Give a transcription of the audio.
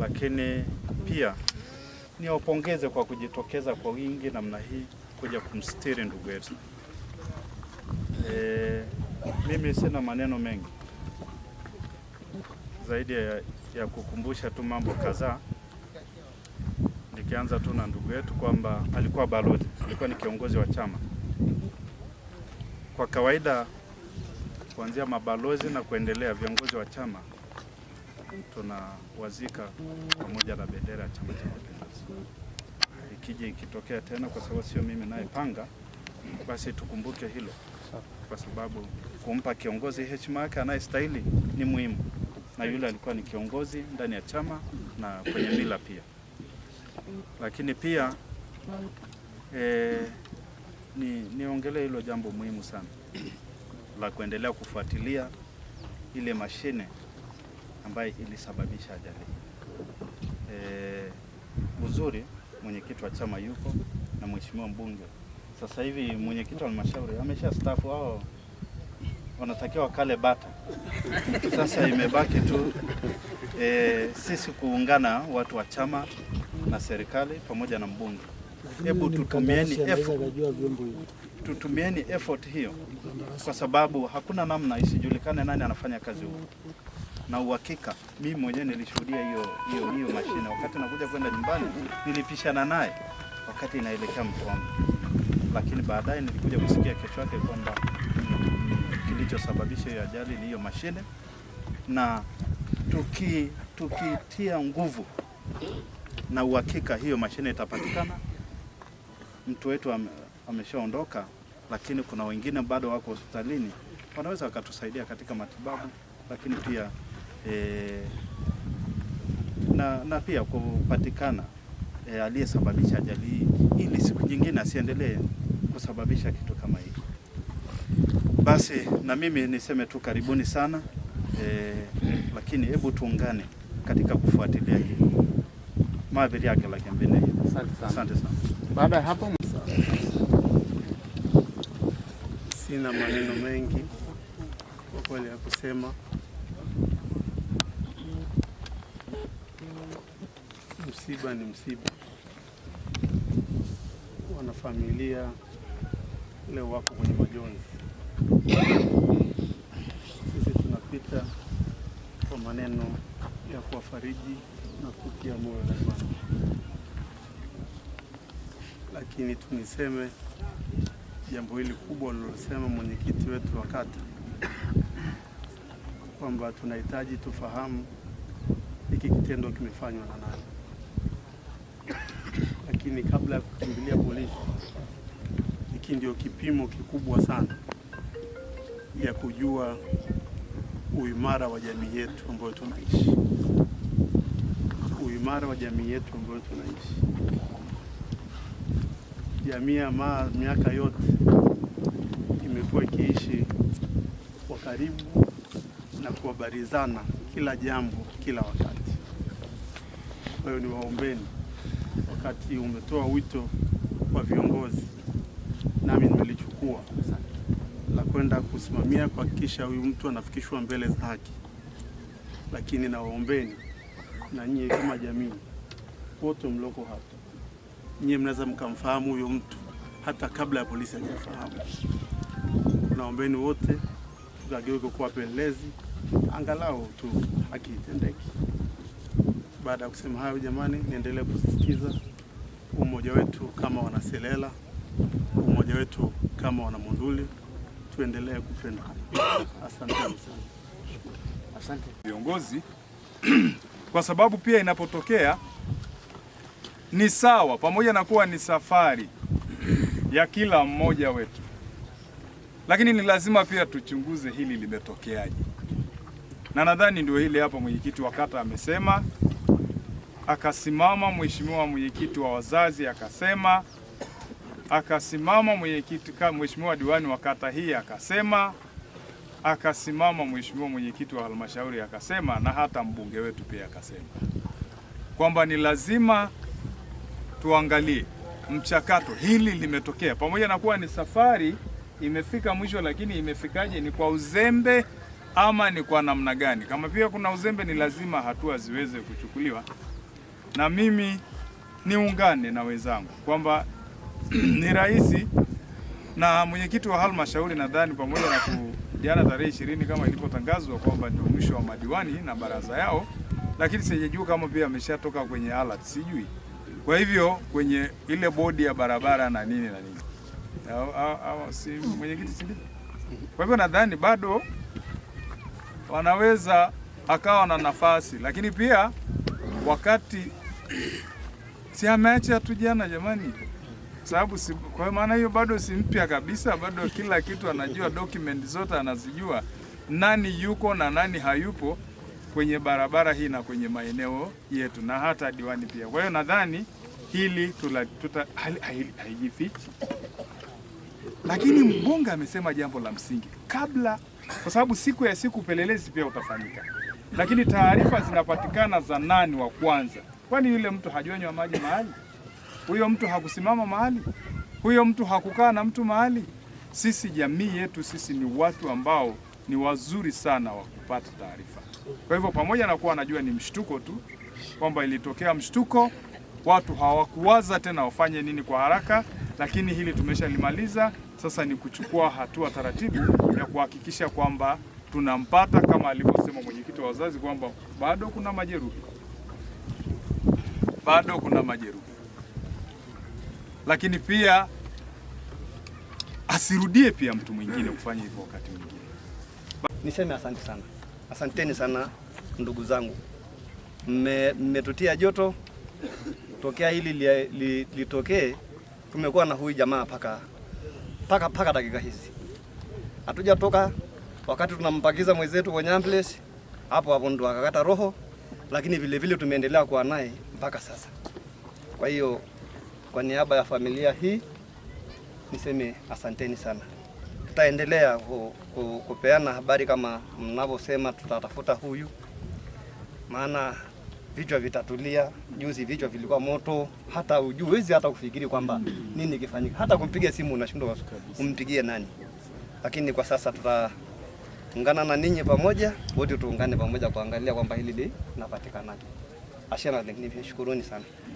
lakini pia niwapongeze kwa kujitokeza kwa wingi namna hii kuja kumstiri ndugu yetu. E, mimi sina maneno mengi zaidi ya, ya kukumbusha tu mambo kadhaa, nikianza tu na ndugu yetu kwamba alikuwa balozi, alikuwa ni kiongozi wa chama. Kwa kawaida kuanzia mabalozi na kuendelea viongozi wa chama tunawazika pamoja na bendera ya Chama cha Mapinduzi. Ikija ikitokea tena, kwa sababu sio mimi nayepanga, basi tukumbuke hilo, kwa sababu kumpa kiongozi heshima yake anayestahili ni muhimu, na yule alikuwa ni kiongozi ndani ya chama na kwenye mila pia. Lakini pia e, ni niongelee hilo jambo muhimu sana la kuendelea kufuatilia ile mashine ambaye ilisababisha ajali hii. E, uzuri mwenyekiti wa chama yuko na mheshimiwa mbunge. Sasa hivi mwenyekiti wa halmashauri amesha staafu au wanatakiwa kale bata. Sasa imebaki tu e, sisi kuungana watu wa chama na serikali pamoja na mbunge. Hebu tutumieni effort, tutumieni effort hiyo, kwa sababu hakuna namna isijulikane nani anafanya kazi huko na uhakika. Mimi mwenyewe nilishuhudia hiyo hiyo hiyo mashine, wakati nakuja kwenda nyumbani nilipishana naye wakati inaelekea mkono lakini baadaye nilikuja kusikia kesho yake kwamba kilichosababisha hiyo ajali ni hiyo mashine, na tuki tukitia nguvu na uhakika, hiyo mashine itapatikana. Mtu wetu ameshaondoka, lakini kuna wengine bado wako hospitalini, wanaweza wakatusaidia katika matibabu, lakini pia e, na, na pia kupatikana e, aliyesababisha ajali hii ili siku nyingine asiendelee kusababisha kitu kama hiki. Basi na mimi niseme tu karibuni sana e, lakini hebu tuungane katika kufuatilia hili maadhiri yake lakini mbele. Asante sana. Baada ya hapo sina maneno mengi kwa kweli ya kusema. Msiba ni msiba, wanafamilia leo wako kwenye majonzi. Sisi tunapita kwa maneno ya kuwafariji na kutia moyo lazima, lakini tuniseme jambo hili kubwa lilosema mwenyekiti wetu wa kata kwamba tunahitaji tufahamu hiki kitendo kimefanywa na nani lakini kabla ya kukimbilia polisi, hiki ndio kipimo kikubwa sana ya kujua uimara wa jamii yetu ambayo tunaishi, uimara wa jamii yetu ambayo tunaishi. Jamii ya Maa miaka yote imekuwa ikiishi kwa karibu na kuhabarizana kila jambo kila wakati. Kwa hiyo ni waombeni wakati umetoa wito kwa viongozi, nami nimelichukua la kwenda kusimamia kuhakikisha huyu mtu anafikishwa mbele za haki. Lakini nawaombeni na nyie kama jamii wote mloko hapa, nyie mnaweza mkamfahamu huyo mtu hata kabla ya polisi hajafahamu. Naombeni wote tukageuke kuwa pelelezi, angalau tu haki itendeki Baada ya kusema hayo, jamani, niendelee kusisitiza umoja wetu kama wanaselela, umoja wetu kama wanamunduli, tuendelee kupenda. Asante sana. Asante viongozi kwa sababu pia inapotokea ni sawa, pamoja na kuwa ni safari ya kila mmoja wetu, lakini ni lazima pia tuchunguze hili limetokeaje, na nadhani ndio hili hapa mwenyekiti wa kata amesema akasimama mheshimiwa mwenyekiti wa wazazi akasema, akasimama mwenyekiti mheshimiwa diwani wa kata hii akasema, akasimama mheshimiwa mwenyekiti wa halmashauri akasema, na hata mbunge wetu pia akasema kwamba ni lazima tuangalie mchakato. Hili limetokea pamoja na kuwa ni safari imefika mwisho, lakini imefikaje? Ni kwa uzembe ama ni kwa namna gani? Kama pia kuna uzembe, ni lazima hatua ziweze kuchukuliwa na mimi niungane na wenzangu kwamba ni rahisi na mwenyekiti wa halmashauri nadhani pamoja na kujana tarehe ishirini kama ilivyotangazwa kwamba ndio mwisho wa madiwani na baraza yao, lakini sijajua kama pia ameshatoka kwenye alert, sijui. Kwa hivyo kwenye ile bodi ya barabara na nini na nini, si mwenyekiti, si ndivyo? Kwa hivyo nadhani bado wanaweza akawa na nafasi, lakini pia wakati si ameacha tu jana jamani, sababu si, kwa maana hiyo bado si mpya kabisa, bado kila kitu anajua, document zote anazijua, nani yuko na nani hayupo kwenye barabara hii na kwenye maeneo yetu na hata diwani pia. Kwa hiyo nadhani hili haijifichi, lakini mbunge amesema jambo la msingi kabla, kwa sababu siku ya siku upelelezi pia utafanyika, lakini taarifa zinapatikana za nani wa kwanza Kwani yule mtu hajonywa maji mahali? Huyo mtu hakusimama mahali? Huyo mtu hakukaa na mtu mahali? Sisi jamii yetu sisi ni watu ambao ni wazuri sana wa kupata taarifa. Kwa hivyo, pamoja na kuwa anajua ni mshtuko tu kwamba ilitokea mshtuko, watu hawakuwaza tena wafanye nini kwa haraka, lakini hili tumeshalimaliza. Sasa ni kuchukua hatua taratibu ya kuhakikisha kwamba tunampata, kama alivyosema mwenyekiti wa wazazi kwamba bado kuna majeruhi bado kuna majeruhi, lakini pia asirudie pia mtu mwingine kufanya hivyo wakati mwingine. Niseme asante sana, asanteni sana ndugu zangu, mmetutia joto tokea hili litokee li, li tumekuwa na huyu jamaa paka paka paka dakika hizi hatujatoka. Wakati tunampakiza mwenzetu kwenye ambulance, hapo hapo ndo akakata roho lakini vile vile tumeendelea kuwa naye mpaka sasa. Kwa hiyo kwa niaba ya familia hii niseme asanteni sana. Tutaendelea ku, ku, kupeana habari kama mnavyosema, tutatafuta huyu, maana vichwa vitatulia. Juzi vichwa vilikuwa moto, hata hujuwezi hata kufikiri kwamba nini kifanyika, hata kumpiga simu unashindwa umpigie nani, lakini kwa sasa tuta ungana na ninyi pamoja wote, tuungane pamoja kuangalia kwamba hili linapatikanaje. Asante na sana.